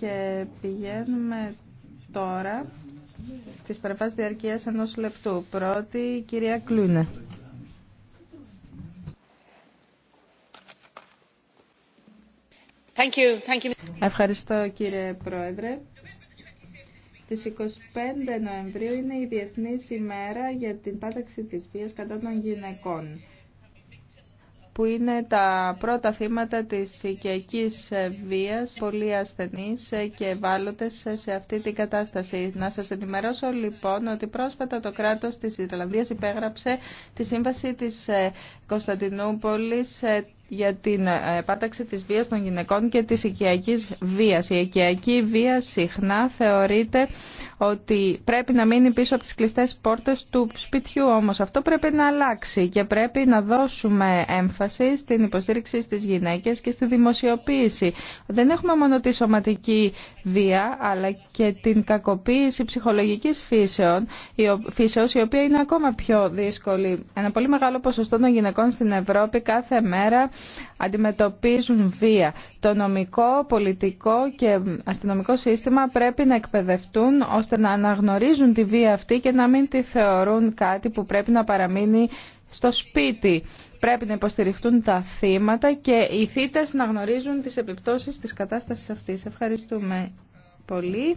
Και πηγαίνουμε τώρα στις παρεμβάσεις διαρκείας ενός λεπτού. Πρώτη, η κυρία Κλούνε. Ευχαριστώ κύριε Πρόεδρε. Στις 25 Νοεμβρίου είναι η Διεθνής ημέρα για την πάταξη της βίας κατά των γυναικών που είναι τα πρώτα θύματα της οικιακής βίας, πολύ ασθενείς και ευάλωτες σε αυτή την κατάσταση. Να σας ενημερώσω λοιπόν ότι πρόσφατα το κράτος της Ιρλανδίας υπέγραψε τη σύμβαση της ε, Κωνσταντινούπολης ε, για την ε, επάταξη της βίας των γυναικών και της οικιακής βίας. Η οικιακή βία συχνά θεωρείται ότι πρέπει να μείνει πίσω από τις κλειστές πόρτες του σπιτιού όμως. Αυτό πρέπει να αλλάξει και πρέπει να δώσουμε έμφαση στην υποστήριξη στις γυναίκες και στη δημοσιοποίηση. Δεν έχουμε μόνο τη σωματική βία αλλά και την κακοποίηση ψυχολογικής φύσεων, φύσεως η οποία είναι ακόμα πιο δύσκολη. Ένα πολύ μεγάλο ποσοστό των γυναικών στην Ευρώπη κάθε μέρα αντιμετωπίζουν βία. Το νομικό, πολιτικό και αστυνομικό σύστημα πρέπει να εκπαιδευτούν ώστε να αναγνωρίζουν τη βία αυτή και να μην τη θεωρούν κάτι που πρέπει να παραμείνει στο σπίτι. Πρέπει να υποστηριχτούν τα θύματα και οι θύτες να γνωρίζουν τις επιπτώσεις της κατάστασης αυτής. Ευχαριστούμε πολύ.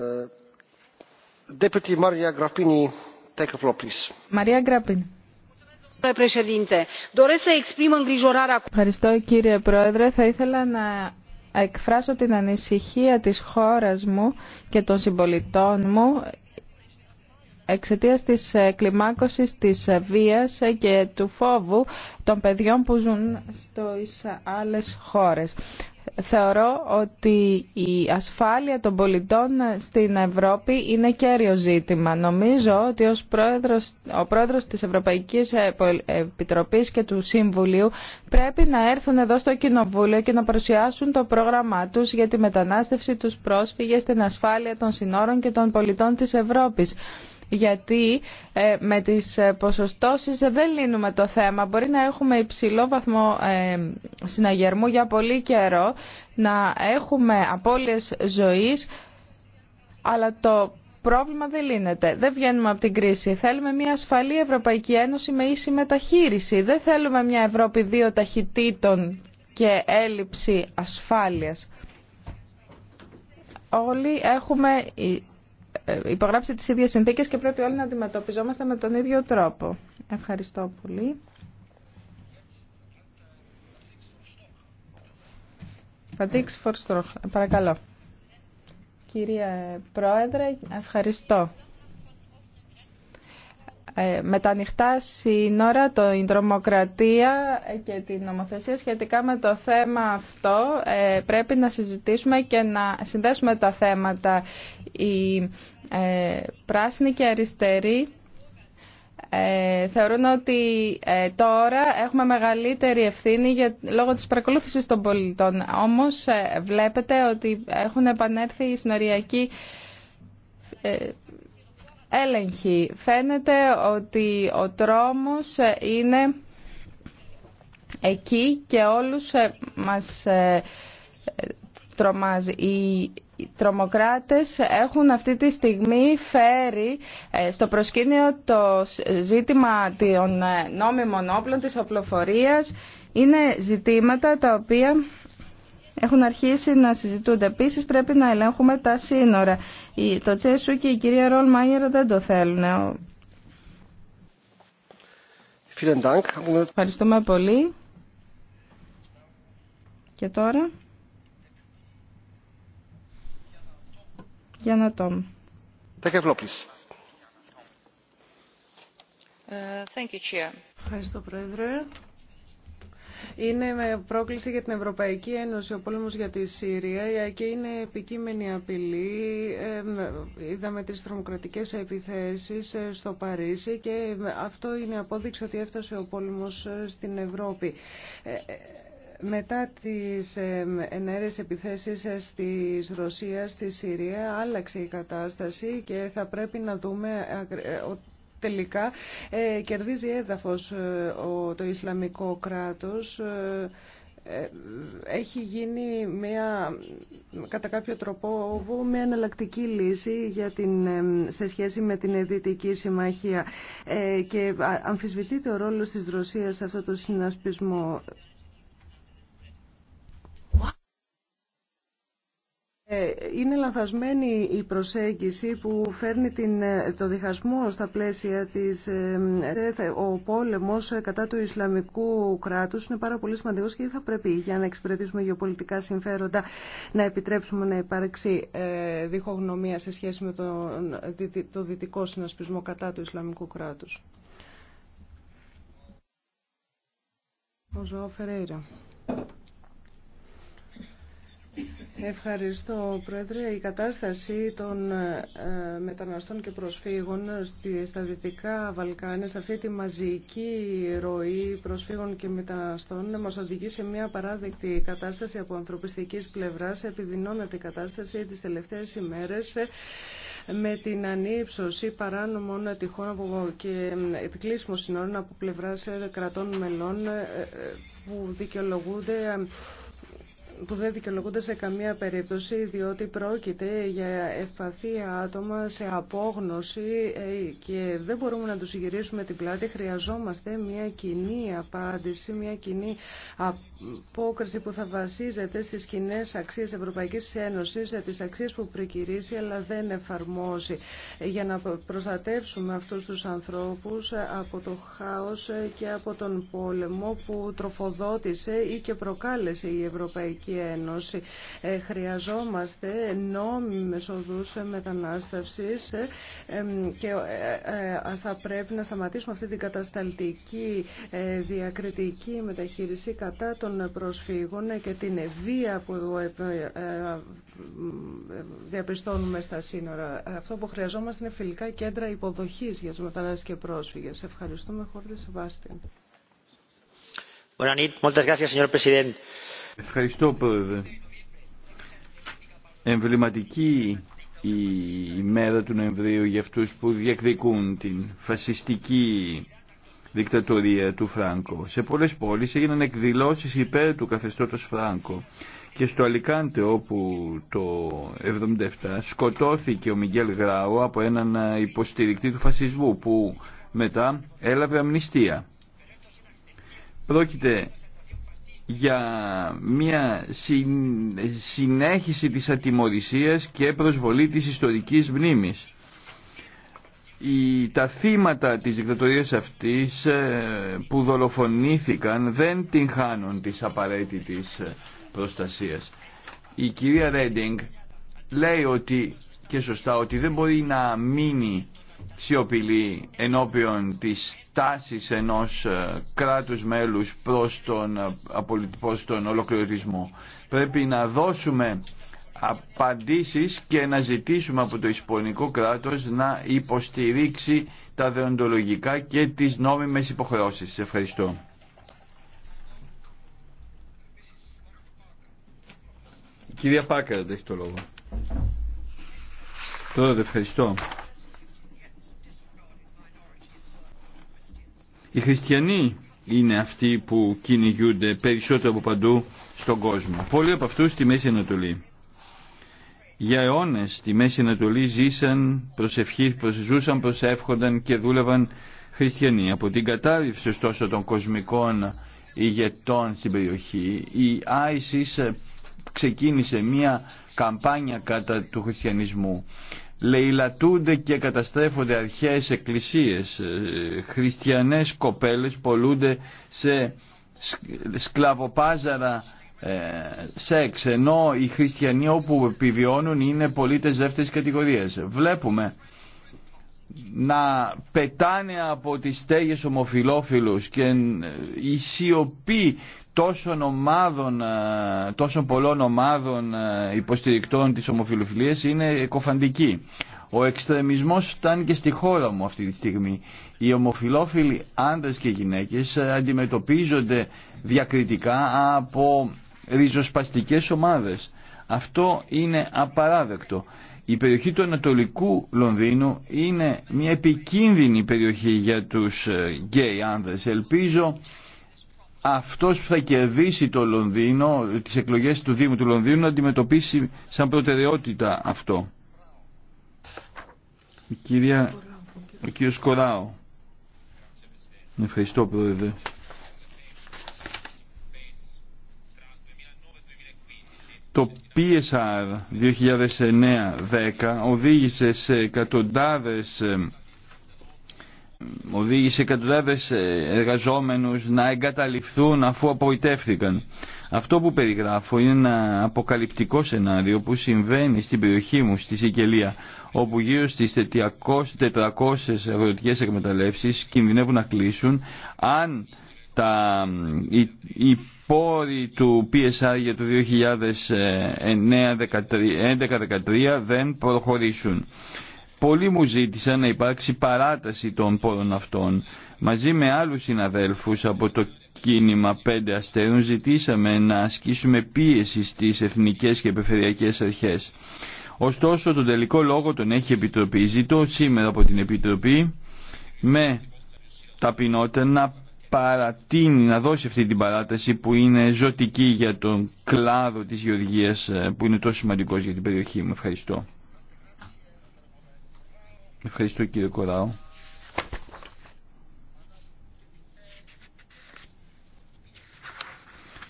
Ε, Ευχαριστώ κύριε Πρόεδρε. Θα ήθελα να εκφράσω την ανησυχία της χώρας μου και των συμπολιτών μου εξαιτίας της ε, κλιμάκωσης της ε, βίας ε, και του φόβου των παιδιών που ζουν στις άλλες χώρες. Θεωρώ ότι η ασφάλεια των πολιτών στην Ευρώπη είναι κέριο ζήτημα. Νομίζω ότι ως πρόεδρος, ο πρόεδρος της Ευρωπαϊκής Επιτροπής και του Συμβουλίου πρέπει να έρθουν εδώ στο Κοινοβούλιο και να παρουσιάσουν το πρόγραμμά τους για τη μετανάστευση τους πρόσφυγες, την ασφάλεια των συνόρων και των πολιτών της Ευρώπης γιατί ε, με τις ε, ποσοστώσεις δεν λύνουμε το θέμα. Μπορεί να έχουμε υψηλό βαθμό ε, συναγερμού για πολύ καιρό, να έχουμε απώλειες ζωής, αλλά το πρόβλημα δεν λύνεται. Δεν βγαίνουμε από την κρίση. Θέλουμε μια ασφαλή Ευρωπαϊκή Ένωση με ίση μεταχείριση. Δεν θέλουμε μια Ευρώπη δύο ταχυτήτων και έλλειψη ασφάλειας. Όλοι έχουμε υπογράψει τις ίδιες συνθήκες και πρέπει όλοι να αντιμετωπιζόμαστε με τον ίδιο τρόπο. Ευχαριστώ πολύ. Πατήξ Φορστρόχ, παρακαλώ. Κυρία Πρόεδρε, ευχαριστώ. Ε, με τα ανοιχτά σύνορα, την τρομοκρατία και την νομοθεσία σχετικά με το θέμα αυτό ε, πρέπει να συζητήσουμε και να συνδέσουμε τα θέματα. Οι ε, πράσινοι και αριστεροί θεωρούν ότι τώρα έχουμε μεγαλύτερη ευθύνη για, λόγω της παρακολούθησης των πολιτών. Όμως βλέπετε ότι έχουν επανέλθει οι συνοριακοί Έλεγχη. Φαίνεται ότι ο τρόμος ε, είναι εκεί και όλους ε, μας ε, τρομάζει. Οι τρομοκράτες έχουν αυτή τη στιγμή φέρει στο προσκήνιο το ζήτημα των νόμιμων όπλων της οπλοφορίας. Είναι ζητήματα τα οποία έχουν αρχίσει να συζητούνται. Επίση πρέπει να ελέγχουμε τα σύνορα. Το Τσέσου και η κυρία Ρολ Ρολμάγερ δεν το θέλουν. Ευχαριστούμε πολύ. Και τώρα. Για να τόμ. Ε, Ευχαριστώ, Πρόεδρε. Είναι με πρόκληση για την Ευρωπαϊκή Ένωση ο πόλεμος για τη Συρία και είναι επικείμενη απειλή. Ε, είδαμε τις τρομοκρατικές επιθέσεις ε, στο Παρίσι και αυτό είναι απόδειξη ότι έφτασε ο πόλεμος ε, στην Ευρώπη. Μετά τις ενέργειες επιθέσεις της Ρωσία στη Συρία άλλαξε η κατάσταση και θα πρέπει να δούμε τελικά ε, κερδίζει έδαφος ε, το Ισλαμικό κράτος ε, έχει γίνει μια, κατά κάποιο τρόπο μια εναλλακτική λύση για την, σε σχέση με την Δυτική Συμμαχία και αμφισβητείται ο ρόλος της Ρωσίας σε αυτό το συνασπισμό. Ε, είναι λαθασμένη η προσέγγιση που φέρνει την, το διχασμό στα πλαίσια της... Ε, Ο πόλεμος κατά του Ισλαμικού κράτους είναι πάρα πολύ σημαντικός και θα πρέπει για να εξυπηρετήσουμε γεωπολιτικά συμφέροντα να επιτρέψουμε να υπάρξει ε, διχογνωμία σε σχέση με τον, το δυτικό συνασπισμό κατά του Ισλαμικού κράτους. Ο Ευχαριστώ, Πρόεδρε. Η κατάσταση των ε, μεταναστών και προσφύγων στα Δυτικά Βαλκάνια, σε αυτή τη μαζική ροή προσφύγων και μεταναστών, μας οδηγεί σε μια παράδεκτη κατάσταση από ανθρωπιστικής πλευράς. Επιδεινώνεται η κατάσταση τις τελευταίες ημέρες με την ανύψωση παράνομων τυχών και ε, κλείσιμο συνόρων από πλευρά ε, κρατών μελών που δικαιολογούνται που δεν δικαιολογούνται σε καμία περίπτωση διότι πρόκειται για ευπαθή άτομα σε απόγνωση ε, και δεν μπορούμε να τους γυρίσουμε την πλάτη. Χρειαζόμαστε μια κοινή απάντηση, μια κοινή απόκριση που θα βασίζεται στις κοινέ αξίες Ευρωπαϊκής Ένωσης, ε, τις αξίες που προκυρήσει αλλά δεν εφαρμόσει ε, για να προστατεύσουμε αυτούς τους ανθρώπους από το χάος και από τον πόλεμο που τροφοδότησε ή και προκάλεσε η Ευρωπαϊκή Ευρωπαϊκή Ένωση. Ε, χρειαζόμαστε νόμιμες οδούς μετανάστευσης ε, και ε, θα πρέπει να σταματήσουμε αυτή την κατασταλτική διακριτική μεταχείριση κατά των προσφύγων και την βία που διαπιστώνουμε στα σύνορα. Αυτό που χρειαζόμαστε είναι φιλικά κέντρα υποδοχής για τους μετανάστες και πρόσφυγες. Ευχαριστούμε, Χόρδη Σεβάστιν. Ευχαριστώ πρόεδρε. Εμβληματική η μέρα του Νοεμβρίου για αυτούς που διεκδικούν την φασιστική δικτατορία του Φράνκο. Σε πολλές πόλεις έγιναν εκδηλώσεις υπέρ του καθεστώτος Φράνκο και στο Αλικάντε όπου το 77 σκοτώθηκε ο Μιγγέλ Γράου από έναν υποστηρικτή του φασισμού που μετά έλαβε αμνηστία. Πρόκειται για μια συνέχιση της ατιμωρησίας και προσβολή της ιστορικής μνήμης. Η τα θύματα της δικτατορίας αυτής ε, που δολοφονήθηκαν δεν την χάνουν της απαραίτητης ε, προστασίας. Η κυρία Ρέντινγκ λέει ότι και σωστά ότι δεν μπορεί να μείνει σιωπηλή ενώπιον της τάσης ενός ε, κράτους μέλους προς τον, ε, προς ολοκληρωτισμό. Πρέπει να δώσουμε απαντήσεις και να ζητήσουμε από το Ισπανικό κράτος να υποστηρίξει τα δεοντολογικά και τις νόμιμες υποχρεώσεις. Ευχαριστώ. κυρία δεν έχει το λόγο. Τώρα, ευχαριστώ. Οι χριστιανοί είναι αυτοί που κυνηγούνται περισσότερο από παντού στον κόσμο. Πολλοί από αυτούς στη Μέση Ανατολή. Για αιώνε στη Μέση Ανατολή ζήσαν, προσευχή, ζούσαν, προσεύχονταν και δούλευαν χριστιανοί. Από την κατάρριψη ωστόσο των κοσμικών ηγετών στην περιοχή, η ISIS ξεκίνησε μία καμπάνια κατά του χριστιανισμού λαιλατούνται και καταστρέφονται αρχαίες εκκλησίες. Ε, χριστιανές κοπέλες πολλούνται σε σκλαβοπάζαρα ε, σεξ, ενώ οι χριστιανοί όπου επιβιώνουν είναι πολίτες δεύτερης κατηγορίας. Βλέπουμε να πετάνε από τις στέγες ομοφιλόφιλους και η ε, σιωπή τόσων ομάδων, ε, τόσων πολλών ομάδων ε, υποστηρικτών της ομοφιλοφιλίας είναι εκοφαντική. Ο εξτρεμισμός φτάνει και στη χώρα μου αυτή τη στιγμή. Οι ομοφιλόφιλοι άντρες και γυναίκες ε, αντιμετωπίζονται διακριτικά από ριζοσπαστικές ομάδες. Αυτό είναι απαράδεκτο. Η περιοχή του Ανατολικού Λονδίνου είναι μια επικίνδυνη περιοχή για τους γκέι άνδρες. Ελπίζω αυτός που θα κερδίσει το Λονδίνο, τις εκλογές του Δήμου του Λονδίνου να αντιμετωπίσει σαν προτεραιότητα αυτό. Η κυρία, ο κύριος Κοράου. Ευχαριστώ πρόεδρε. Το PSR 2009-10 οδήγησε σε εκατοντάδες ε, οδήγησε εκατοντάδες ε, εργαζόμενους να εγκαταληφθούν αφού απογοητεύθηκαν. Αυτό που περιγράφω είναι ένα αποκαλυπτικό σενάριο που συμβαίνει στην περιοχή μου, στη Σικελία, όπου γύρω στις 400 αγροτικές εκμεταλλεύσεις κινδυνεύουν να κλείσουν αν τα, οι, οι πόροι του PSR για το 2011-2013 ε, δεν προχωρήσουν. Πολλοί μου ζήτησαν να υπάρξει παράταση των πόρων αυτών. Μαζί με άλλους συναδέλφους από το κίνημα πέντε αστέρων ζητήσαμε να ασκήσουμε πίεση στις εθνικές και περιφερειακές αρχές. Ωστόσο τον τελικό λόγο τον έχει Επιτροπή. Ζητώ σήμερα από την Επιτροπή με ταπεινότητα να παρατείνει, να δώσει αυτή την παράταση που είναι ζωτική για τον κλάδο της γεωργίας ε, που είναι τόσο σημαντικός για την περιοχή μου. Ευχαριστώ. Ευχαριστώ κύριε Κοράου.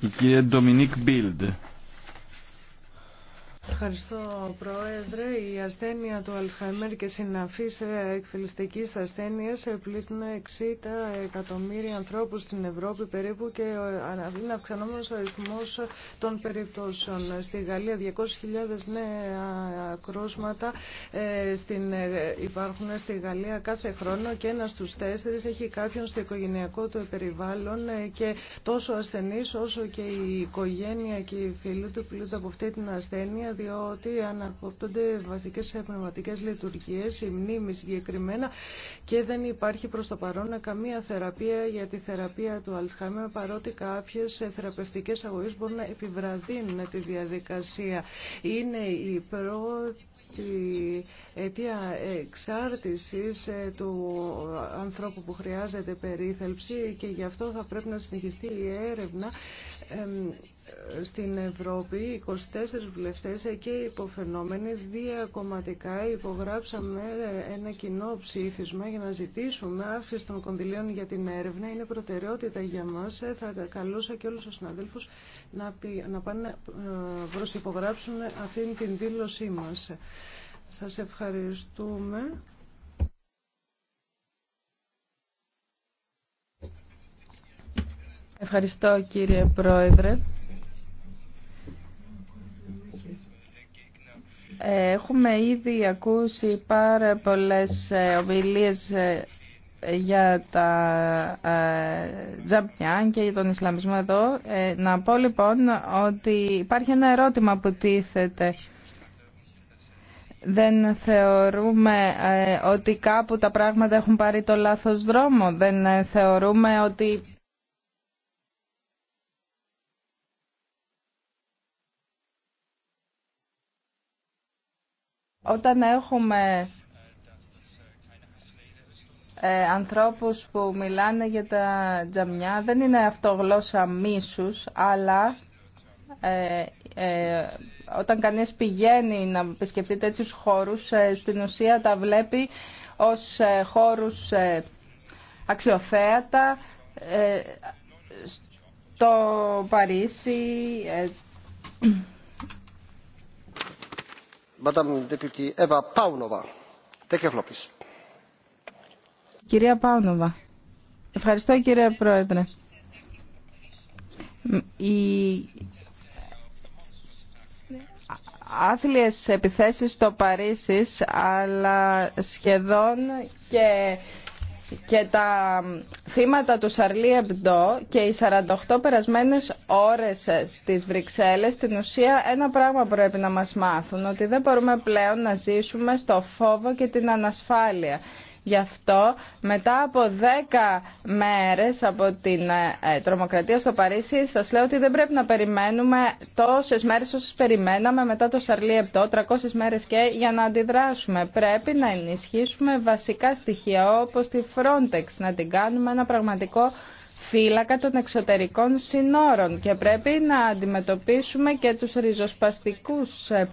Η κυρία Ντομινίκ Μπίλντ. Ευχαριστώ, Πρόεδρε. Η ασθένεια του Αλσχαϊμέρ και συναφής ε, εκφυλιστικής ασθένειας πλήττουν 60 εκατομμύρια ανθρώπους στην Ευρώπη περίπου και ε, είναι αυξανόμενος ο αριθμός των περιπτώσεων. Στη Γαλλία 200.000 νέα κρούσματα ε, στην, υπάρχουν στη Γαλλία κάθε χρόνο και ένας στους τέσσερις έχει κάποιον στο οικογενειακό του περιβάλλον και τόσο ασθενής όσο και η οικογένεια και οι φίλοι του πλήττουν από αυτή την ασθένεια διότι ανακόπτονται βασικές πνευματικέ λειτουργίες, η μνήμη συγκεκριμένα και δεν υπάρχει προ το παρόν καμία θεραπεία για τη θεραπεία του Αλσχάμερ παρότι κάποιε θεραπευτικές αγωγές μπορούν να επιβραδύνουν τη διαδικασία. Είναι η πρώτη αιτία εξάρτησης ε, του ανθρώπου που χρειάζεται περίθαλψη και γι' αυτό θα πρέπει να συνεχιστεί η έρευνα στην Ευρώπη 24 βουλευτές και υποφαινόμενοι διακομματικά υπογράψαμε ένα κοινό ψήφισμα για να ζητήσουμε αύξηση των κονδυλίων για την έρευνα. Είναι προτεραιότητα για μας. Θα καλούσα και όλους τους συναδέλφους να, να πάνε να ε, υπογράψουν αυτήν την δήλωσή μας. Σας ευχαριστούμε. Ευχαριστώ κύριε Πρόεδρε. Έχουμε ήδη ακούσει πάρα πολλές ε, ομιλίες ε, για τα ε, τζαμπιά και για τον Ισλαμισμό εδώ. Να πω λοιπόν ότι υπάρχει ένα ερώτημα που τίθεται. Δεν θεωρούμε ότι κάπου τα πράγματα έχουν πάρει το λάθος δρόμο. Δεν θεωρούμε ότι Όταν έχουμε ε, ανθρώπους που μιλάνε για τα τζαμιά, δεν είναι αυτό μίσους, αλλά ε, ε, όταν κανείς πηγαίνει να επισκεφτεί τέτοιους χώρους, ε, στην ουσία τα βλέπει ως χώρους αξιοθέατα. Στο Παρίσι Κυρία Πάουνοβα, ευχαριστώ κύριε Πρόεδρε. Οι άθλιες επιθέσεις στο Παρίσι αλλά σχεδόν και και τα θύματα του Σαρλί Εμπντό και οι 48 περασμένες ώρες στις Βρυξέλλες στην ουσία ένα πράγμα πρέπει να μας μάθουν ότι δεν μπορούμε πλέον να ζήσουμε στο φόβο και την ανασφάλεια Γι' αυτό μετά από δέκα μέρες από την ε, ε, τρομοκρατία στο Παρίσι σας λέω ότι δεν πρέπει να περιμένουμε τόσες μέρες όσες περιμέναμε μετά το Σαρλί Επτό, 300 μέρες και για να αντιδράσουμε. Πρέπει να ενισχύσουμε βασικά στοιχεία όπως τη Frontex, να την κάνουμε ένα πραγματικό φύλακα των εξωτερικών συνόρων και πρέπει να αντιμετωπίσουμε και τους ριζοσπαστικούς ε,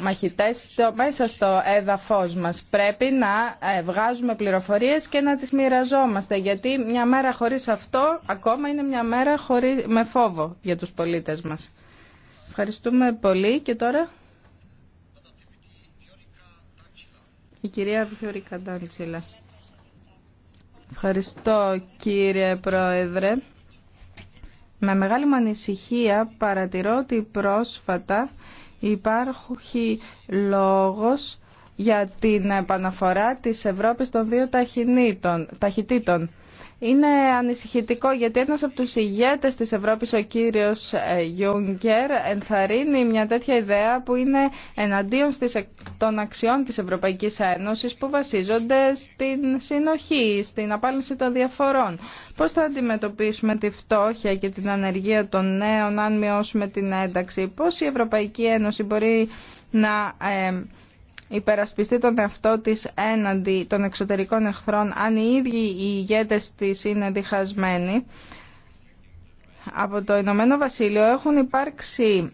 μαχητές μέσα στο έδαφος μας. Πρέπει να ε, βγάζουμε πληροφορίες και να τις μοιραζόμαστε, γιατί μια μέρα χωρίς αυτό ακόμα είναι μια μέρα χωρίς, με φόβο για τους πολίτες μας. Ευχαριστούμε πολύ και τώρα... Η κυρία Βιωρίκα Ντάντσιλα. Ευχαριστώ κύριε Πρόεδρε. Με μεγάλη μου ανησυχία παρατηρώ ότι πρόσφατα Υπάρχει λόγος για την επαναφορά της Ευρώπης των δύο ταχυτήτων είναι ανησυχητικό γιατί ένας από τους ηγέτες της Ευρώπης, ο κύριος Γιούγκερ, ενθαρρύνει μια τέτοια ιδέα που είναι εναντίον των αξιών της Ευρωπαϊκής Ένωσης που βασίζονται στην συνοχή, στην απάλυση των διαφορών. Πώς θα αντιμετωπίσουμε τη φτώχεια και την ανεργία των νέων αν μειώσουμε την ένταξη, πώς η Ευρωπαϊκή Ένωση μπορεί να ε, υπερασπιστεί τον εαυτό της έναντι των εξωτερικών εχθρών αν οι ίδιοι οι ηγέτες της είναι διχασμένοι. Από το Ηνωμένο Βασίλειο έχουν υπάρξει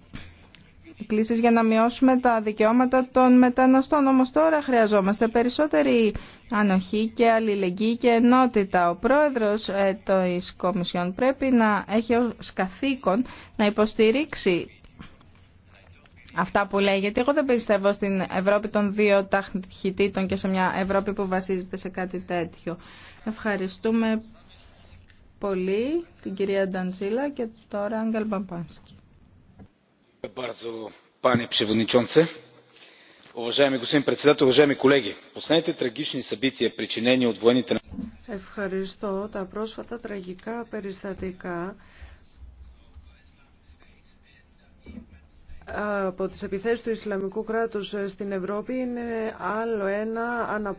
κλήσεις για να μειώσουμε τα δικαιώματα των μεταναστών. Όμως τώρα χρειαζόμαστε περισσότερη ανοχή και αλληλεγγύη και ενότητα. Ο πρόεδρος ε, της Κομισιόν πρέπει να έχει ως καθήκον να υποστηρίξει αυτά που λέει, γιατί εγώ δεν πιστεύω στην Ευρώπη των δύο ταχυτήτων και σε μια Ευρώπη που βασίζεται σε κάτι τέτοιο. Ευχαριστούμε πολύ την κυρία Νταντζίλα και τώρα Άγγελ Μπαμπάνσκι. Ευχαριστώ. Τα πρόσφατα τραγικά περιστατικά από τις επιθέσεις του Ισλαμικού κράτους ε, στην Ευρώπη είναι άλλο ένα ανα...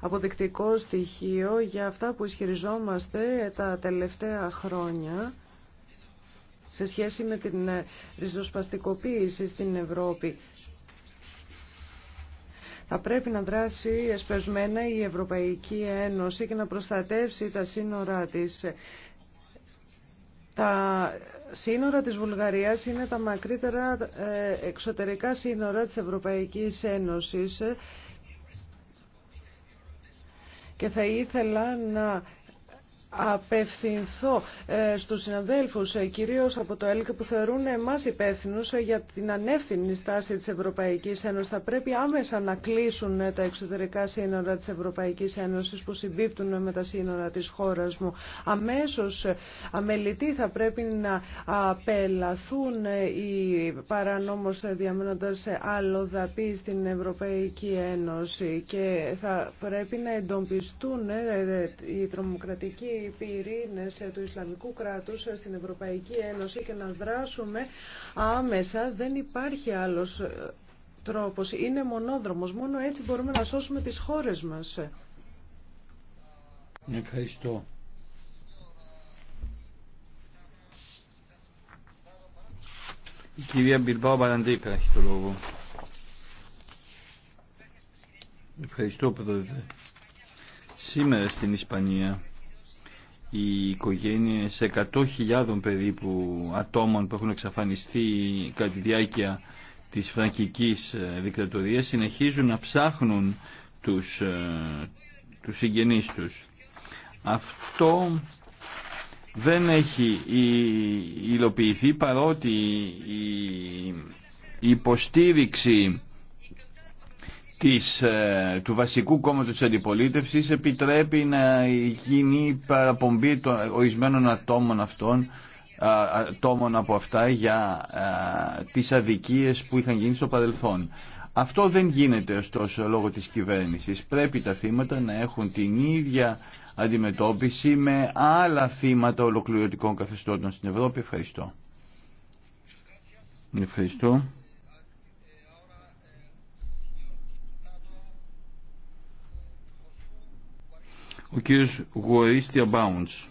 αποδεκτικό στοιχείο για αυτά που ισχυριζόμαστε τα τελευταία χρόνια σε σχέση με την ε, ριζοσπαστικοποίηση στην Ευρώπη. Θα πρέπει να δράσει εσπεσμένα η Ευρωπαϊκή Ένωση και να προστατεύσει τα σύνορά της. Τα σύνορα της Βουλγαρίας είναι τα μακρύτερα ε, εξωτερικά σύνορα της Ευρωπαϊκής Ένωσης και θα ήθελα να απευθυνθώ ε, στους συναδέλφους, ε, κυρίως από το ΕΛΚ, που θεωρούν εμάς υπεύθυνους ε, για την ανεύθυνη στάση της Ευρωπαϊκής Ένωσης. Θα πρέπει άμεσα να κλείσουν τα εξωτερικά σύνορα της Ευρωπαϊκής Ένωσης που συμπίπτουν με τα σύνορα της χώρας μου. Αμέσως αμελητή θα πρέπει να απελαθούν οι παρανόμως διαμένοντας άλλο δαπή στην Ευρωπαϊκή Ένωση και θα πρέπει να εντοπιστούν οι τρομοκρατικοί οι πυρήνες ε, του Ισλαμικού κράτους ε, στην Ευρωπαϊκή Ένωση και να δράσουμε άμεσα. Δεν υπάρχει άλλος ε, τρόπος. Είναι μονόδρομος. Μόνο έτσι μπορούμε να σώσουμε τις χώρες μας. Ευχαριστώ. Η κυρία Μπιλμπάου Μπαραντίκα έχει το λόγο. Ευχαριστώ, Πρόεδρε. Σήμερα στην Ισπανία οι οικογένειες 100.000 περίπου ατόμων που έχουν εξαφανιστεί κατά τη διάρκεια της Φρανκικής ε, δικτατορία συνεχίζουν να ψάχνουν τους, ε, τους συγγενείς Αυτό δεν έχει υλοποιηθεί παρότι η υποστήριξη της, ε, του βασικού κόμματο τη αντιπολίτευση επιτρέπει να γίνει παραπομπή των ορισμένων ατόμων αυτών ατόμων από αυτά για τι τις αδικίες που είχαν γίνει στο παρελθόν. Αυτό δεν γίνεται ωστόσο λόγω της κυβέρνησης. Πρέπει τα θύματα να έχουν την ίδια αντιμετώπιση με άλλα θύματα ολοκληρωτικών καθεστώτων στην Ευρώπη. Ευχαριστώ. Ευχαριστώ. Ο κύριος Γουαρίστια Μπάουντς.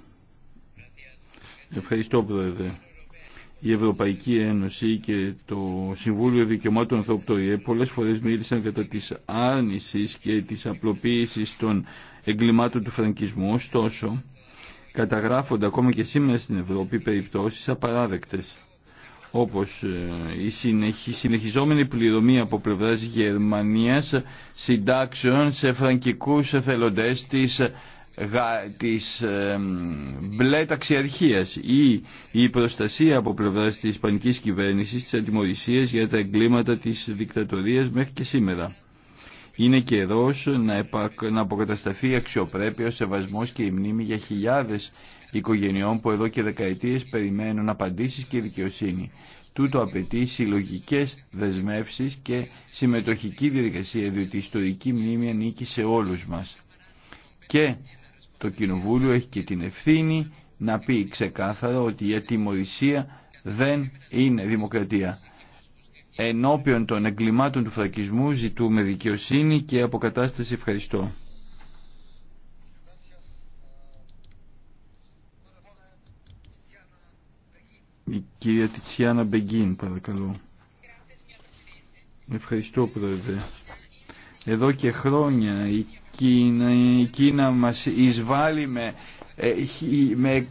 Ευχαριστώ πρόεδρε. Η Ευρωπαϊκή Ένωση και το Συμβούλιο Δικαιωμάτων Ανθρωπτορία πολλές φορές μίλησαν κατά της άρνησης και της απλοποίησης των εγκλημάτων του φραγκισμού, ωστόσο καταγράφονται ακόμα και σήμερα στην Ευρώπη περιπτώσεις απαράδεκτες όπως ε, η συνεχιζόμενη πληρωμή από πλευράς Γερμανίας συντάξεων σε φραγκικούς εθελοντές της της μπλε ταξιαρχίας ή η προστασία από πλευράς της ισπανικής κυβέρνησης της ατιμορρησίας για τα εγκλήματα της δικτατορίας μέχρι και σήμερα. Είναι καιρός να αποκατασταθεί η αξιοπρέπεια, ο σεβασμός και η μνήμη για χιλιάδες οικογενειών που εδώ και δεκαετίες περιμένουν απαντήσεις και δικαιοσύνη. Τούτο απαιτεί συλλογικέ δεσμεύσεις και συμμετοχική διαδικασία, διότι η ιστορική μνήμη ανήκει σε όλους μας. Και το Κοινοβούλιο έχει και την ευθύνη να πει ξεκάθαρα ότι η ατιμορρησία δεν είναι δημοκρατία. Ενώπιον των εγκλημάτων του φρακισμού ζητούμε δικαιοσύνη και αποκατάσταση ευχαριστώ. Η κυρία Τιτσιάνα Μπεγκίν, παρακαλώ. Ευχαριστώ, Πρόεδρε. Εδώ και χρόνια η Κίνα, η Κίνα μας εισβάλλει με, ε, με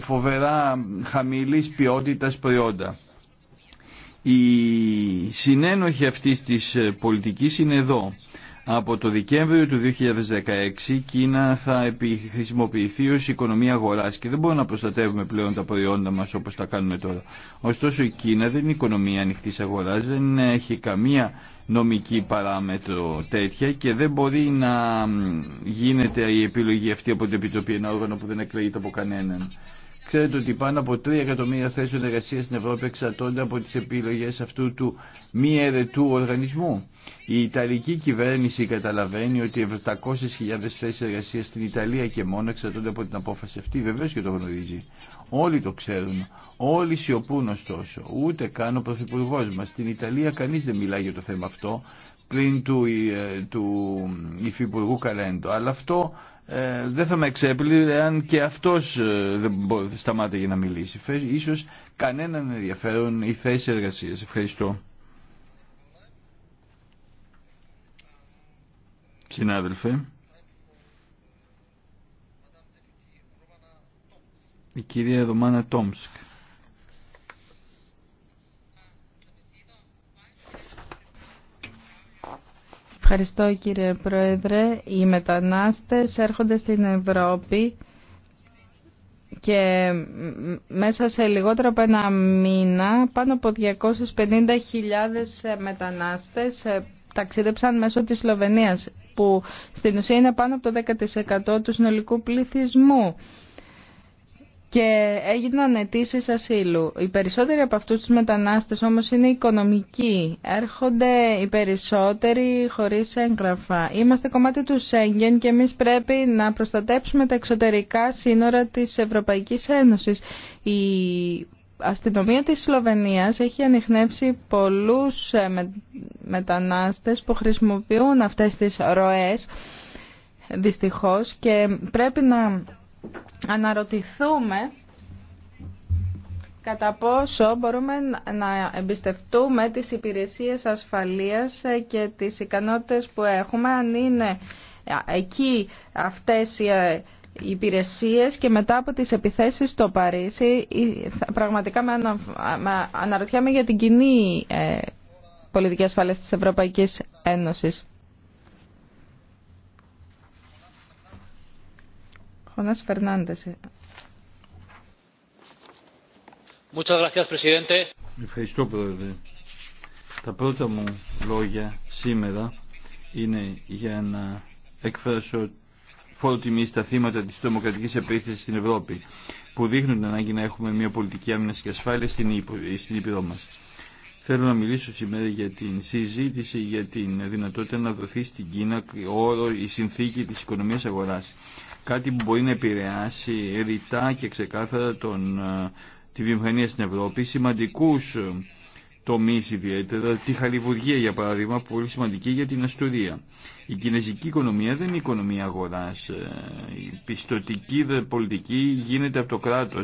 φοβερά χαμηλής ποιότητας προϊόντα. Η συνένοχη αυτής της πολιτικής είναι εδώ. Από το Δεκέμβριο του 2016 η Κίνα θα χρησιμοποιηθεί ως οικονομία αγοράς και δεν μπορούμε να προστατεύουμε πλέον τα προϊόντα μας όπως τα κάνουμε τώρα. Ωστόσο η Κίνα δεν είναι οικονομία ανοιχτή αγοράς, δεν έχει καμία νομική παράμετρο τέτοια και δεν μπορεί να γίνεται η επιλογή αυτή από την Επιτροπή ένα όργανο που δεν εκλέγεται από κανέναν. Ξέρετε ότι πάνω από 3 εκατομμύρια θέσει εργασία στην Ευρώπη εξαρτώνται από τι επιλογέ αυτού του μη αιρετού οργανισμού. Η Ιταλική κυβέρνηση καταλαβαίνει ότι 700.000 θέσει εργασία στην Ιταλία και μόνο εξαρτώνται από την απόφαση αυτή. Βεβαίω και το γνωρίζει. Όλοι το ξέρουν. Όλοι σιωπούν ωστόσο. Ούτε καν ο Πρωθυπουργό μα. Στην Ιταλία κανεί δεν μιλάει για το θέμα αυτό πλην του, ε, του Υφυπουργού Καλέντο. Αλλά αυτό ε, δεν θα με εξέπληρε αν και αυτός ε, δεν σταμάτηγε να μιλήσει. Ίσως κανέναν ενδιαφέρον η θέση εργασίας. Ευχαριστώ. Συνάδελφε. Η κυρία Ρωμάνα Τόμσκ. Ευχαριστώ κύριε Πρόεδρε. Οι μετανάστες έρχονται στην Ευρώπη και μέσα σε λιγότερο από ένα μήνα πάνω από 250.000 μετανάστες ταξίδεψαν μέσω της Σλοβενίας που στην ουσία είναι πάνω από το 10% του συνολικού πληθυσμού και έγιναν αιτήσει ασύλου. Οι περισσότεροι από αυτούς τους μετανάστες όμως είναι οικονομικοί. Έρχονται οι περισσότεροι χωρίς έγγραφα. Είμαστε κομμάτι του Σέγγεν και εμείς πρέπει να προστατέψουμε τα εξωτερικά σύνορα της Ευρωπαϊκής Ένωσης. Η αστυνομία της Σλοβενίας έχει ανοιχνεύσει πολλούς ε, μετανάστες που χρησιμοποιούν αυτές τις ροές δυστυχώς και πρέπει να αναρωτηθούμε κατά πόσο μπορούμε να εμπιστευτούμε τις υπηρεσίες ασφαλείας ε, και τις ικανότητες που έχουμε αν είναι ε, εκεί αυτές ε, οι υπηρεσίες και μετά από τις επιθέσεις στο Παρίσι πραγματικά με για την κοινή πολιτική ασφάλεια της Ευρωπαϊκής Ένωσης. Jonás presidente. Ευχαριστώ, Πρόεδρε. Τα πρώτα μου λόγια σήμερα είναι για να εκφράσω φόρο τιμή στα θύματα της τρομοκρατικής επίθεσης στην Ευρώπη, που δείχνουν την ανάγκη να έχουμε μια πολιτική άμυνας και ασφάλεια στην Ήπειρό μας. Θέλω να μιλήσω σήμερα για την συζήτηση για την δυνατότητα να δοθεί στην Κίνα όρο η συνθήκη της οικονομίας αγοράς κάτι που μπορεί να επηρεάσει ρητά και ξεκάθαρα τον, ε, τη βιομηχανία στην Ευρώπη, σημαντικού ε, τομεί ιδιαίτερα, τη χαλιβουργία για παράδειγμα, πολύ σημαντική για την Αστορία. Η κινέζικη οικονομία δεν είναι οικονομία αγορά. Ε, η πιστοτική πολιτική γίνεται από το κράτο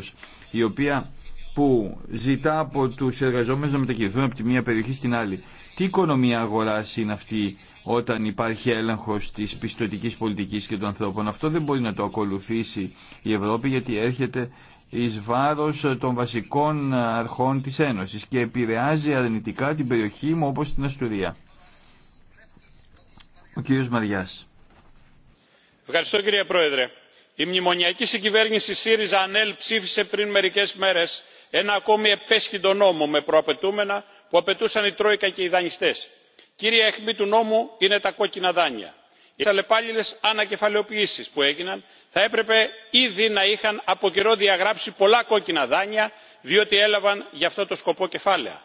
η οποία που ζητά από τους εργαζόμενους να μετακινηθούν από τη μία περιοχή στην άλλη. Τι οικονομία αγορά είναι αυτή όταν υπάρχει έλεγχο τη πιστοτική πολιτική και των ανθρώπων. Αυτό δεν μπορεί να το ακολουθήσει η Ευρώπη γιατί έρχεται εις βάρος των βασικών αρχών της Ένωσης και επηρεάζει αρνητικά την περιοχή μου όπως την Αστουρία. Ο κύριος Μαριάς. Ευχαριστώ κύριε Πρόεδρε. Η μνημονιακή συγκυβέρνηση ΣΥΡΙΖΑ ΑΝΕΛ ψήφισε πριν μερικές μέρες ένα ακόμη επέσχυντο νόμο με προαπαιτούμενα που απαιτούσαν η τρόικα και οι δανειστέ. κύρια αιχμή του νόμου είναι τα κόκκινα δάνεια. οι αλλεπάλληλε ανακεφαλαιοποιήσεις που έγιναν θα έπρεπε ήδη να είχαν από καιρό διαγράψει πολλά κόκκινα δάνεια διότι έλαβαν για αυτό το σκοπό κεφάλαια.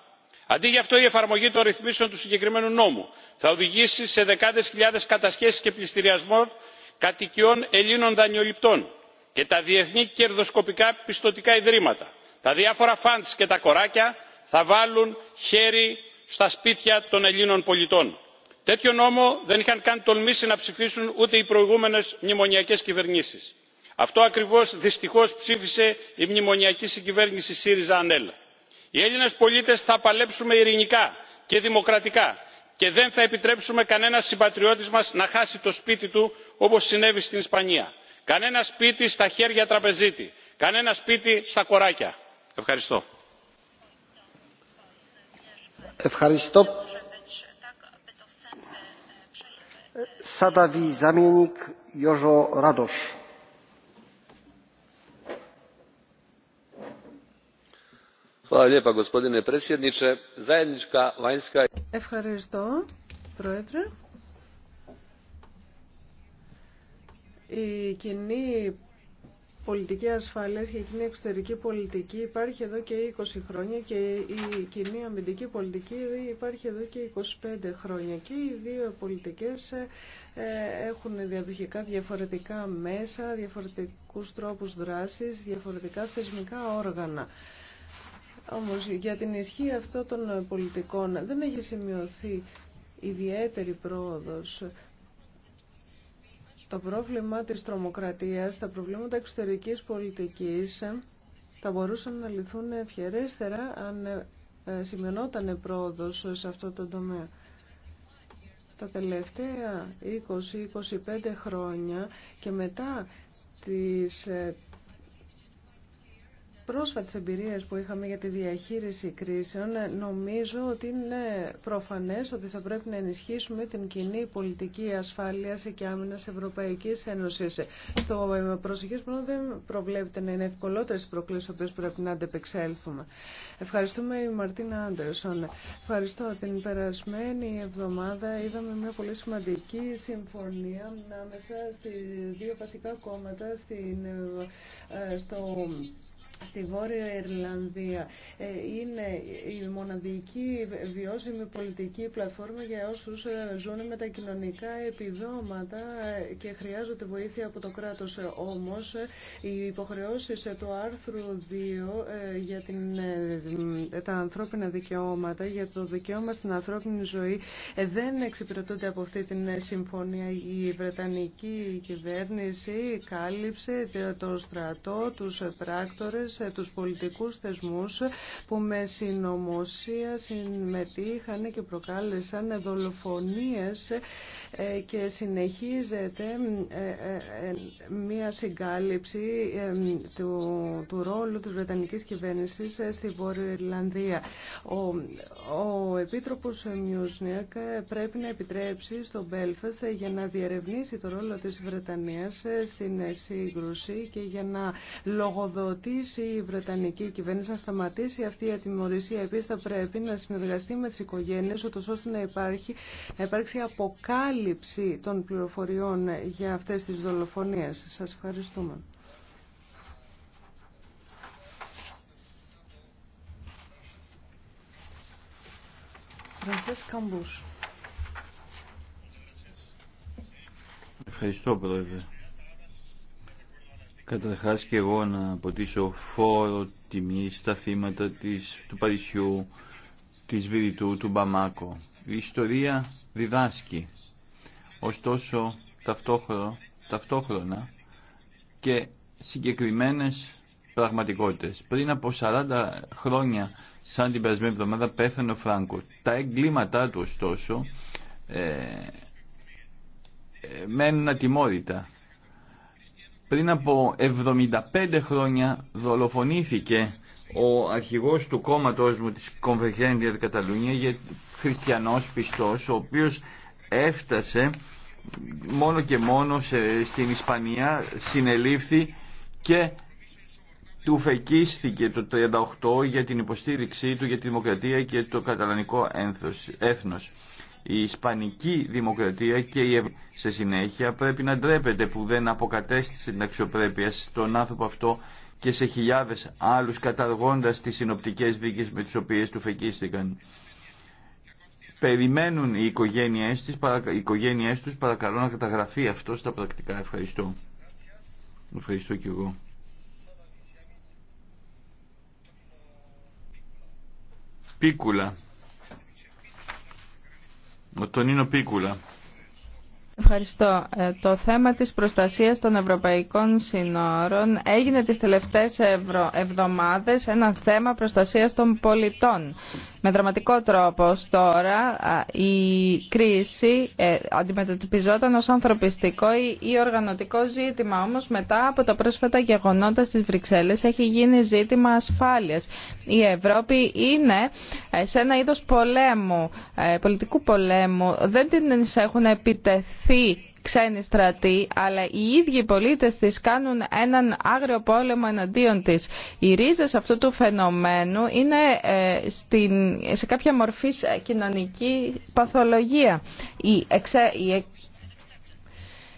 αντί γι' αυτό η εφαρμογή των ρυθμίσεων του συγκεκριμένου νόμου θα οδηγήσει σε δεκάδε χιλιάδε κατασχέσει και πληστηριασμό κατοικιών ελλήνων δανειοληπτών και τα διεθνή κερδοσκοπικά πιστωτικά ιδρύματα τα διάφορα φαντ και τα κοράκια θα βάλουν χέρι στα σπίτια των ελλήνων πολιτών. τέτοιο νόμο δεν είχαν καν τολμήσει να ψηφίσουν ούτε οι προηγούμενες μνημονιακές κυβερνήσεις. αυτό ακριβώς δυστυχώς ψήφισε η μνημονιακή συγκυβέρνηση σύριζα ανέλ. οι έλληνες πολίτες θα παλέψουμε ειρηνικά και δημοκρατικά και δεν θα επιτρέψουμε κανένα συμπατριώτης μας να χάσει το σπίτι του όπως συνέβη στην ισπανία. κανένα σπίτι στα χέρια τραπεζίτη κανένα σπίτι στα κοράκια. ευχαριστώ. Ευχαριστώ. Σαδαβί, Σαμιένικ, Ιώρο Ράδος. Ευχαριστώ, πρόεδρε πολιτική ασφάλεια και η κοινή εξωτερική πολιτική υπάρχει εδώ και 20 χρόνια και η κοινή αμυντική πολιτική υπάρχει εδώ και 25 χρόνια και οι δύο πολιτικές ε, έχουν διαδοχικά διαφορετικά μέσα, διαφορετικούς τρόπους δράσης, διαφορετικά θεσμικά όργανα. Όμως για την ισχύ αυτών των πολιτικών δεν έχει σημειωθεί ιδιαίτερη πρόοδος το πρόβλημα της τρομοκρατίας, τα προβλήματα εξωτερικής πολιτικής θα μπορούσαν να λυθούν ευχερέστερα αν ε, ε, σημειωνόταν πρόοδος σε αυτό το τομέα. Τα τελευταία 20-25 χρόνια και μετά τις ε, πρόσφατες εμπειρίες που είχαμε για τη διαχείριση κρίσεων, νομίζω ότι είναι προφανές ότι θα πρέπει να ενισχύσουμε την κοινή πολιτική ασφάλειας και άμυνας Ευρωπαϊκής Ένωσης. Στο Προσοχή, που δεν προβλέπεται να είναι ευκολότερες οι προκλήσεις που πρέπει να αντεπεξέλθουμε. Ευχαριστούμε η Μαρτίνα Άντερσον. Ευχαριστώ. Την περασμένη εβδομάδα είδαμε μια πολύ σημαντική συμφωνία ανάμεσα στις δύο βασικά κόμματα στην, ε, στο στη Βόρεια Ιρλανδία. Ε, είναι η μοναδική βιώσιμη πολιτική πλατφόρμα για όσους ε, ζουν με τα κοινωνικά επιδόματα ε, και χρειάζονται βοήθεια από το κράτος. Όμως, οι υποχρεώσεις του άρθρου 2 για την, τα ανθρώπινα δικαιώματα, για το δικαίωμα στην ανθρώπινη ζωή, δεν εξυπηρετούνται από αυτή την συμφωνία. Η Βρετανική κυβέρνηση κάλυψε το στρατό, τους πράκτορες, σε τους πολιτικούς θεσμούς που με συνωμοσία συμμετείχαν και προκάλεσαν δολοφονίες ε, ε, και συνεχίζεται ε, ε, μία συγκάλυψη του, του ρόλου της Βρετανικής κυβέρνησης στη Βόρεια Ιρλανδία. Ο, ο Επίτροπος Μιούσνιακ πρέπει να επιτρέψει στο Μπέλφαστ για να διερευνήσει το ρόλο της Βρετανίας στην σύγκρουση και για να λογοδοτήσει η Βρετανική κυβέρνηση να σταματήσει αυτή η ατιμωρήσία. Επίσης θα πρέπει να συνεργαστεί με τις οικογένειες ώστε να, υπάρχει, να υπάρξει αποκάλυψη έλλειψη των πληροφοριών για αυτές τις δολοφονίες. Σας ευχαριστούμε. Καμπούς. Ευχαριστώ πρόεδρε. Καταρχάς και εγώ να αποτίσω φόρο τιμή στα θύματα της, του Παρισιού, της Βηρητού, του Μπαμάκο. Η ιστορία διδάσκει ωστόσο ταυτόχρονα, ταυτόχρονα και συγκεκριμένες πραγματικότητες. Πριν από 40 χρόνια, σαν την περασμένη εβδομάδα, πέθανε ο Φράγκο. Τα εγκλήματά του, ωστόσο, ε, ε, μένουν ατιμόρυτα. Πριν από 75 χρόνια δολοφονήθηκε ο αρχηγός του κόμματος μου της Convergentia Καταλούνια, χριστιανός πιστός, ο οποίος έφτασε μόνο και μόνο στην Ισπανία συνελήφθη και του φεκίστηκε το 1938 για την υποστήριξή του για τη δημοκρατία και το καταλανικό έθνος. Η Ισπανική Δημοκρατία και η Ευ... σε συνέχεια πρέπει να ντρέπεται που δεν αποκατέστησε την αξιοπρέπεια στον άνθρωπο αυτό και σε χιλιάδες άλλους καταργώντας τις συνοπτικές δίκες με τις οποίες του φεκίστηκαν περιμένουν οι οικογένειές, τους, οι οικογένειές τους παρακαλώ να καταγραφεί αυτό στα πρακτικά. Ευχαριστώ. Ευχαριστώ και εγώ. Πίκουλα. Ο Τονίνο Πίκουλα. Ευχαριστώ. Ε, το θέμα της προστασίας των ευρωπαϊκών συνόρων έγινε τις τελευταίες εβδομάδες ένα θέμα προστασίας των πολιτών. Με δραματικό τρόπο τώρα η κρίση ε, αντιμετωπιζόταν ως ανθρωπιστικό ή οργανωτικό ζήτημα. Όμως μετά από τα πρόσφατα γεγονότα στις Βρυξέλλες έχει γίνει ζήτημα ασφάλειας. Η Ευρώπη είναι ε, σε ένα είδος πολέμου, πολιτικού πολέμου. Δεν την έχουν επιτεθεί προωθεί ξένοι στρατοί, αλλά οι ίδιοι πολίτες της κάνουν έναν άγριο πόλεμο εναντίον της. Οι ρίζες αυτού του φαινομένου είναι ε, σε κάποια μορφή κοινωνική παθολογία. Η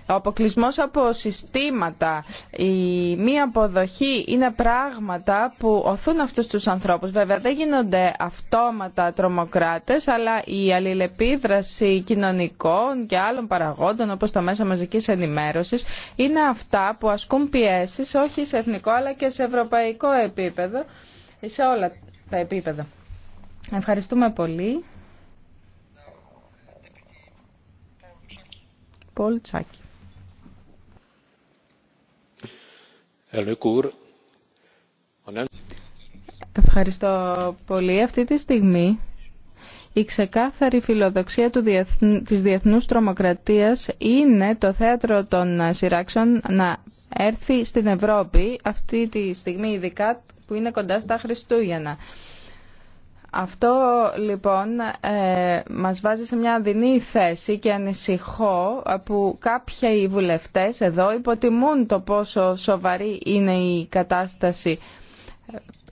ο αποκλεισμό από συστήματα, η μη αποδοχή είναι πράγματα που οθούν αυτού του ανθρώπους. Βέβαια δεν γίνονται αυτόματα τρομοκράτες, αλλά η αλληλεπίδραση κοινωνικών και άλλων παραγόντων όπως το μέσα μαζικής ενημέρωσης είναι αυτά που ασκούν πιέσει όχι σε εθνικό αλλά και σε ευρωπαϊκό επίπεδο, σε όλα τα επίπεδα. Ευχαριστούμε πολύ. Τσάκη. Ευχαριστώ πολύ. Αυτή τη στιγμή η ξεκάθαρη φιλοδοξία του της διεθνούς τρομοκρατίας είναι το θέατρο των σειράξεων να έρθει στην Ευρώπη αυτή τη στιγμή ειδικά που είναι κοντά στα Χριστούγεννα. Αυτό λοιπόν ε, μας βάζει σε μια δεινή θέση και ανησυχώ που κάποιοι βουλευτές εδώ υποτιμούν το πόσο σοβαρή είναι η κατάσταση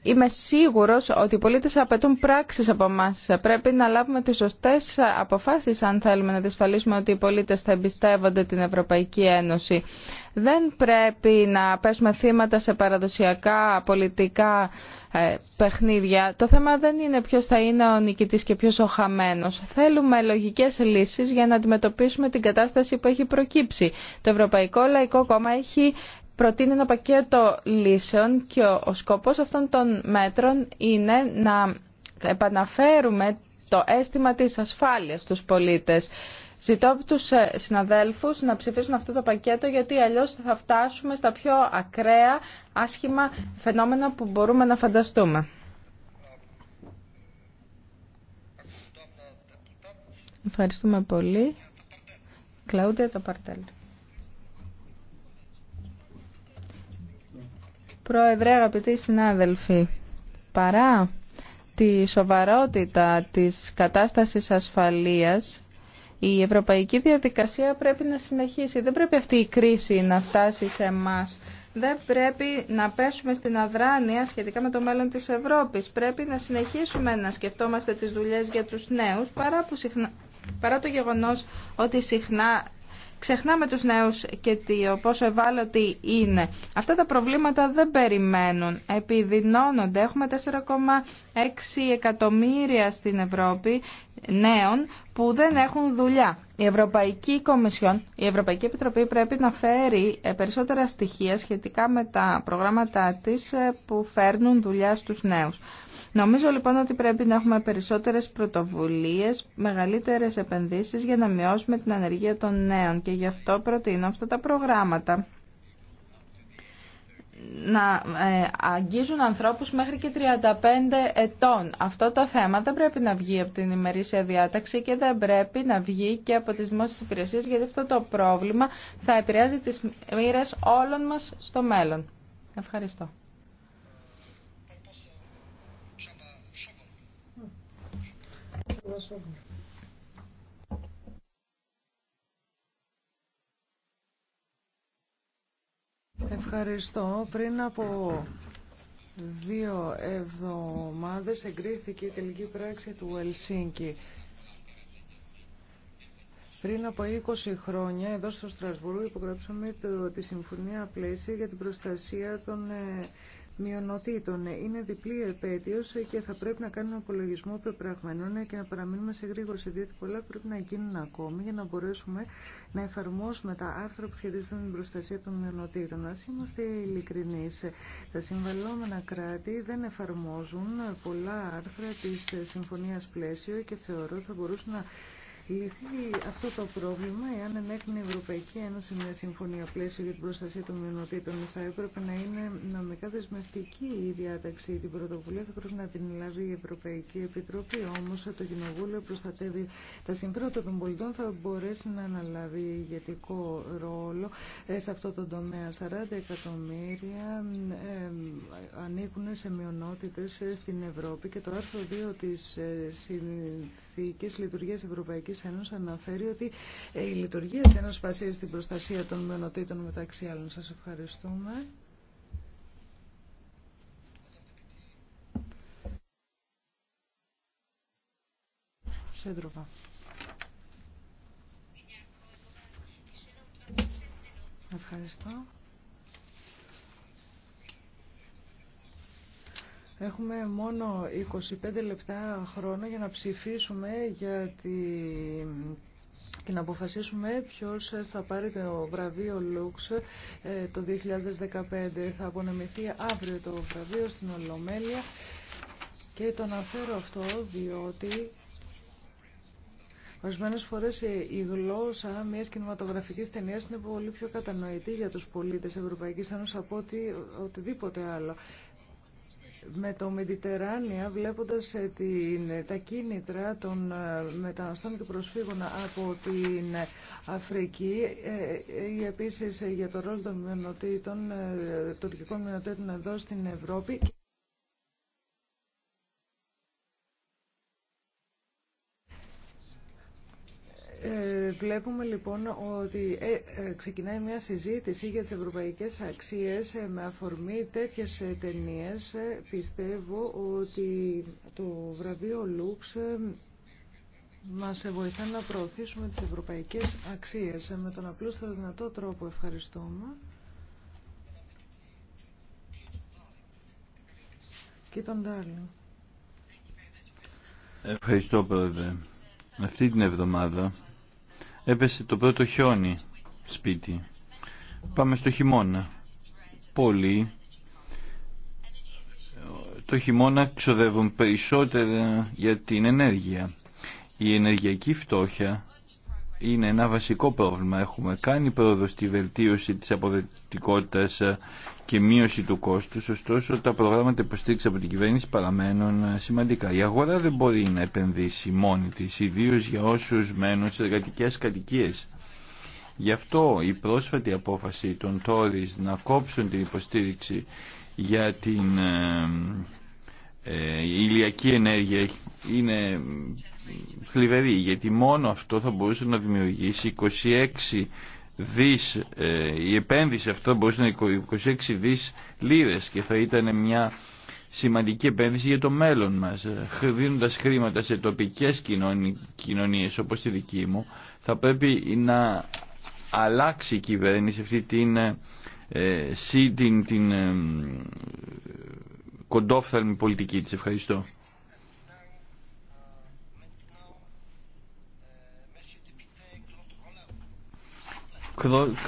Είμαι σίγουρος ότι οι πολίτες απαιτούν πράξεις από μας. Πρέπει να λάβουμε τις σωστές αποφάσεις αν θέλουμε να διασφαλίσουμε ότι οι πολίτες θα εμπιστεύονται την Ευρωπαϊκή Ένωση. Δεν πρέπει να πέσουμε θύματα σε παραδοσιακά πολιτικά ε, παιχνίδια. Το θέμα δεν είναι ποιος θα είναι ο νικητής και ποιος ο χαμένος. Θέλουμε λογικές λύσεις για να αντιμετωπίσουμε την κατάσταση που έχει προκύψει. Το Ευρωπαϊκό Λαϊκό Κόμμα έχει προτείνει ένα πακέτο λύσεων και ο σκοπός αυτών των μέτρων είναι να επαναφέρουμε το αίσθημα της ασφάλειας στους πολίτες. Ζητώ από τους ε, συναδέλφους να ψηφίσουν αυτό το πακέτο γιατί αλλιώς θα φτάσουμε στα πιο ακραία άσχημα φαινόμενα που μπορούμε να φανταστούμε. Ευχαριστούμε πολύ. Κλαούντια Ταπαρτέλη. Πρόεδρε, αγαπητοί συνάδελφοι, παρά τη σοβαρότητα της κατάστασης ασφαλείας, η ευρωπαϊκή διαδικασία πρέπει να συνεχίσει. Δεν πρέπει αυτή η κρίση να φτάσει σε εμά. Δεν πρέπει να πέσουμε στην αδράνεια σχετικά με το μέλλον της Ευρώπης. Πρέπει να συνεχίσουμε να σκεφτόμαστε τις δουλειές για τους νέους, παρά, παρά το γεγονός ότι συχνά Ξεχνάμε τους νέους και το πόσο ευάλωτοι είναι. Αυτά τα προβλήματα δεν περιμένουν. Επιδεινώνονται. Έχουμε 4,6 εκατομμύρια στην Ευρώπη νέων που δεν έχουν δουλειά. Η Ευρωπαϊκή Κομισιόν, η Ευρωπαϊκή Επιτροπή πρέπει να φέρει ε, περισσότερα στοιχεία σχετικά με τα προγράμματά της ε, που φέρνουν δουλειά στους νέους. Νομίζω λοιπόν ότι πρέπει να έχουμε περισσότερες πρωτοβουλίες, μεγαλύτερες επενδύσεις για να μειώσουμε την ανεργία των νέων και γι' αυτό προτείνω αυτά τα προγράμματα να ε, αγγίζουν ανθρώπους μέχρι και 35 ετών. Αυτό το θέμα δεν πρέπει να βγει από την ημερήσια διάταξη και δεν πρέπει να βγει και από τις δημόσιες υπηρεσίες γιατί αυτό το πρόβλημα θα επηρεάζει τις μοίρες όλων μας στο μέλλον. Ευχαριστώ. Ευχαριστώ. Πριν από δύο εβδομάδες εγκρίθηκε η τελική πράξη του Ελσίνκη. Πριν από 20 χρόνια, εδώ στο Στρασβούργο, υπογράψαμε τη Συμφωνία Πλαίσια για την προστασία των ε, μειονοτήτων. Είναι διπλή επέτειο και θα πρέπει να κάνουμε απολογισμό πεπραγμένων και να παραμείνουμε σε γρήγορση, διότι πολλά πρέπει να γίνουν ακόμη για να μπορέσουμε να εφαρμόσουμε τα άρθρα που σχετίζονται με την προστασία των μειονοτήτων. Α είμαστε ειλικρινεί. Τα συμβαλλόμενα κράτη δεν εφαρμόζουν πολλά άρθρα της Συμφωνίας Πλαίσιο και θεωρώ θα μπορούσαν να λυθεί αυτό το πρόβλημα εάν ενέκρινε η Ευρωπαϊκή Ένωση μια συμφωνία πλαίσιο για την προστασία των μειονοτήτων. Θα έπρεπε να είναι νομικά δεσμευτική η διάταξη. Την πρωτοβουλία θα πρέπει να την λάβει η Ευρωπαϊκή Επιτροπή. Όμω το Κοινοβούλιο προστατεύει τα συμφέροντα των πολιτών, θα μπορέσει να αναλάβει ηγετικό ρόλο ε, σε αυτό το τομέα. 40 εκατομμύρια ανήκουν σε μειονότητε ε, στην Ευρώπη και το άρθρο 2 τη ε, Διοικητική Λειτουργία Ευρωπαϊκή Ένωση αναφέρει ότι η λειτουργία τη Ένωση βασίζεται στην προστασία των μειονοτήτων μεταξύ άλλων. Σα ευχαριστούμε. Ευχαριστώ. Έχουμε μόνο 25 λεπτά χρόνο για να ψηφίσουμε για και να αποφασίσουμε ποιος θα πάρει το βραβείο Λούξ ε, το 2015. Θα απονεμηθεί αύριο το βραβείο στην Ολομέλεια και το αναφέρω αυτό διότι Ορισμένε φορέ ε, η γλώσσα μια κινηματογραφική ταινία είναι πολύ πιο κατανοητή για του πολίτε Ευρωπαϊκή Ένωση από οτιδήποτε άλλο με το Μεντιτεράνια, βλέποντας ε, ε, τα κίνητρα των ε, μεταναστών και προσφύγων από την Αφρική ή επίσης για το ρόλο των μειονοτήτων, τουρκικών μειονοτήτων εδώ στην Ευρώπη. Βλέπουμε λοιπόν ότι ε, ε, ξεκινάει μια συζήτηση για τις ευρωπαϊκές αξίες ε, με αφορμή τέτοιες ταινίε. Πιστεύω ότι το βραβείο Λούξ μας βοηθά να προωθήσουμε τις ευρωπαϊκές αξίες με τον απλούστερο δυνατό τρόπο. Ευχαριστούμε. τον Ευχαριστώ πρόεδρε. Αυτή την εβδομάδα έπεσε το πρώτο χιόνι σπίτι. Πάμε στο χειμώνα. πολύ. το χειμώνα ξοδεύουν περισσότερα για την ενέργεια. Η ενεργειακή φτώχεια είναι ένα βασικό πρόβλημα. Έχουμε κάνει πρόοδο στη βελτίωση της αποδετικότητας και μείωση του κόστου, ωστόσο τα προγράμματα υποστήριξη από την κυβέρνηση παραμένουν ε, σημαντικά. Η αγορά δεν μπορεί να επενδύσει μόνη τη, ιδίω για όσου μένουν σε εργατικέ κατοικίε. Γι' αυτό η πρόσφατη απόφαση των Τόρις να κόψουν την υποστήριξη για την ε, ε, ηλιακή ενέργεια είναι θλιβερή, γιατί μόνο αυτό θα μπορούσε να δημιουργήσει 26 δις, ε, η επένδυση αυτό μπορεί να είναι 26 δις λίρες και θα ήταν μια σημαντική επένδυση για το μέλλον μας. Ε, δίνοντας χρήματα σε τοπικές κοινωνίες όπως τη δική μου, θα πρέπει να αλλάξει η κυβέρνηση αυτή την, ε, την, την κοντόφθαλμη πολιτική της. Ευχαριστώ.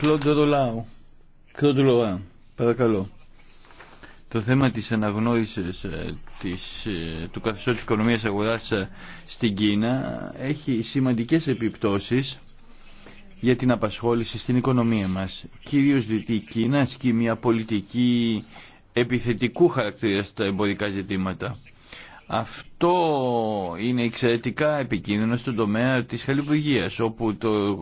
Κλοντ Ρολάου. Παρακαλώ. Το θέμα της αναγνώρισης ε, της, ε, του καθεστώτου της οικονομίας αγοράς ε, στην Κίνα έχει σημαντικές επιπτώσεις για την απασχόληση στην οικονομία μας. Κυρίως διότι η Κίνα ασκεί μια πολιτική επιθετικού χαρακτήρα στα εμπορικά ζητήματα. Αυτό είναι εξαιρετικά επικίνδυνο στον τομέα της χαλιβουργίας, όπου το,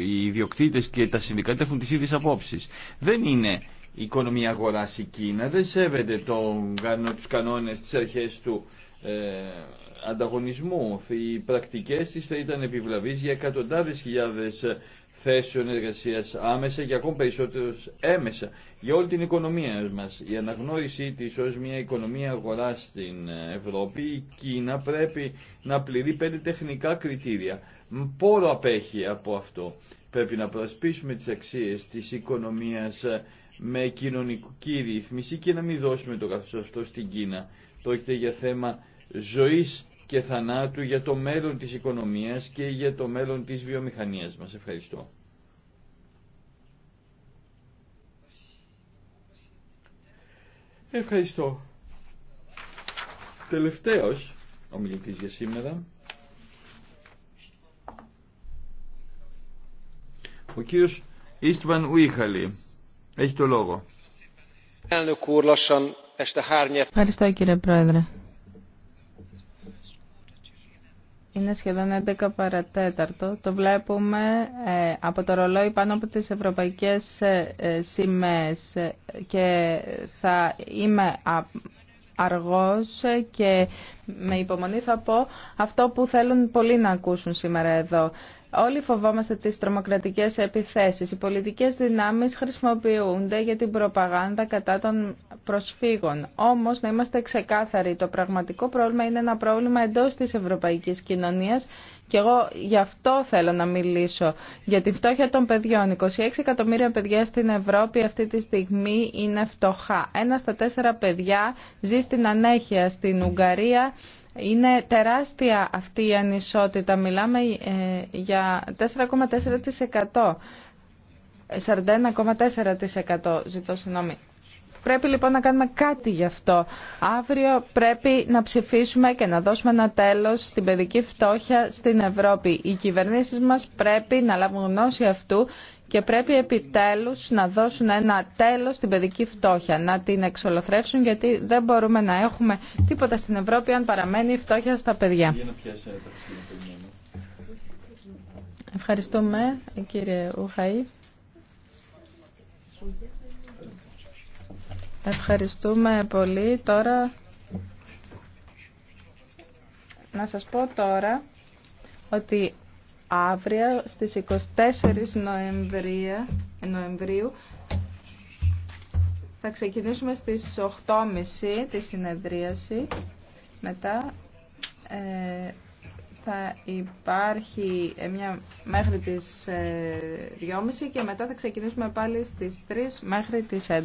οι ιδιοκτήτες και τα συνδικάτα έχουν τις ίδιες απόψεις. Δεν είναι η οικονομία αγοράς η Κίνα, δεν σέβεται τον, τους κανόνες, τις αρχές του ε, ανταγωνισμού. Οι πρακτικές της θα ήταν επιβλαβείς για εκατοντάδες χιλιάδες θέσεων εργασία άμεσα και ακόμη περισσότερους έμεσα για όλη την οικονομία μας. Η αναγνώρισή της ως μια οικονομία αγορά στην Ευρώπη, η Κίνα πρέπει να πληρεί πέντε τεχνικά κριτήρια. Πόρο απέχει από αυτό. Πρέπει να προσπίσουμε τις αξίες της οικονομίας με κοινωνική ρύθμιση και να μην δώσουμε το καθώς αυτό στην Κίνα. Πρόκειται για θέμα ζωής και θανάτου για το μέλλον της οικονομίας και για το μέλλον της βιομηχανίας μας. Ευχαριστώ. Ευχαριστώ. Τελευταίος ο για σήμερα ο κύριος Ιστβαν Ουίχαλη. Έχει το λόγο. Ευχαριστώ κύριε Πρόεδρε. Είναι σχεδόν 11 παρατέταρτο. Το βλέπουμε ε, από το ρολόι πάνω από τις ευρωπαϊκές ε, ε, σημαίες και θα είμαι αργός και με υπομονή θα πω αυτό που θέλουν πολλοί να ακούσουν σήμερα εδώ. Όλοι φοβόμαστε τις τρομοκρατικές επιθέσεις. Οι πολιτικές δυνάμεις χρησιμοποιούνται για την προπαγάνδα κατά των προσφύγων. Όμως, να είμαστε ξεκάθαροι, το πραγματικό πρόβλημα είναι ένα πρόβλημα εντός της ευρωπαϊκής κοινωνίας και εγώ γι' αυτό θέλω να μιλήσω, για τη φτώχεια των παιδιών. 26 εκατομμύρια παιδιά στην Ευρώπη αυτή τη στιγμή είναι φτωχά. Ένα στα τέσσερα παιδιά ζει στην ανέχεια στην Ουγγαρία. Είναι τεράστια αυτή η ανισότητα. Μιλάμε ε, για 4,4%. 41,4% ζητώ συγγνώμη. Πρέπει λοιπόν να κάνουμε κάτι γι' αυτό. Αύριο πρέπει να ψηφίσουμε και να δώσουμε ένα τέλος στην παιδική φτώχεια στην Ευρώπη. Οι κυβερνήσει μας πρέπει να λάβουν γνώση αυτού και πρέπει επιτέλους να δώσουν ένα τέλος στην παιδική φτώχεια, να την εξολοθρεύσουν γιατί δεν μπορούμε να έχουμε τίποτα στην Ευρώπη αν παραμένει η φτώχεια στα παιδιά. Ευχαριστούμε κύριε Ουχαή. Ευχαριστούμε πολύ. Τώρα να σας πω τώρα ότι αύριο στις 24 Νοεμβρίου θα ξεκινήσουμε στις 8.30 τη συνεδρίαση. Μετά ε, θα υπάρχει ε, μια, μέχρι τις ε, 2.30 και μετά θα ξεκινήσουμε πάλι στις 3 μέχρι τις 11.